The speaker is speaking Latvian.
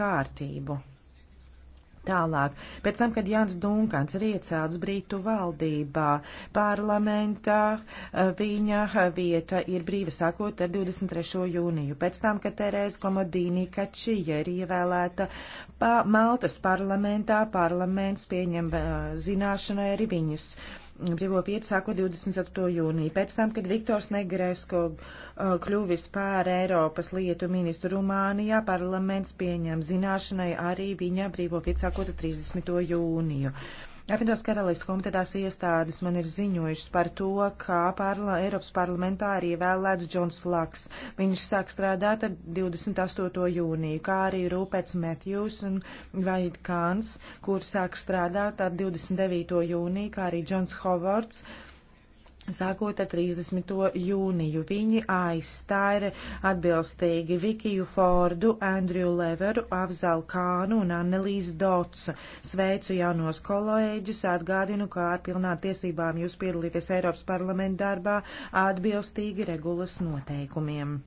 kārtību. Tālāk, pēc tam, kad Jānis Dunkans ir iecelts Brītu valdībā, parlamentā eh, viņa vieta ir brīva sākot ar 23. jūniju. Pēc tam, kad Terēza Komodīnī Kačija ir ievēlēta pa Maltas parlamentā, parlaments pieņem eh, zināšanai arī viņas. Uh, brīvo vietu sākot 24. jūniju. Pēc tam, kad Viktors Negresko uh, kļuvis pār Eiropas lietu ministru Rumānijā, parlaments pieņem zināšanai arī viņa brīvo vietu sākot 30. jūniju. Apvienotās karalistu komitētās iestādes man ir ziņojušas par to, kā parla Eiropas parlamentā arī vēlēts Džons Flaks. Viņš sāk strādāt ar 28. jūniju, kā arī Rūpēts Matthews un Vaid Kāns, kur sāk strādāt ar 29. jūniju, kā arī Džons Hovards Sākot ar 30. jūniju, viņi aizstāja atbilstīgi Vikiju Fordu, Andriju Leveru, Avzalu Kānu un Annelīzu Dotsu. Sveicu jaunos kolēģus, atgādinu, kā ar pilnām tiesībām jūs piedalīties Eiropas parlamenta darbā atbilstīgi regulas noteikumiem.